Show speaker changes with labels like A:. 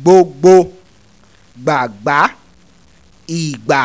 A: gbogbo gbàgbá ìgbà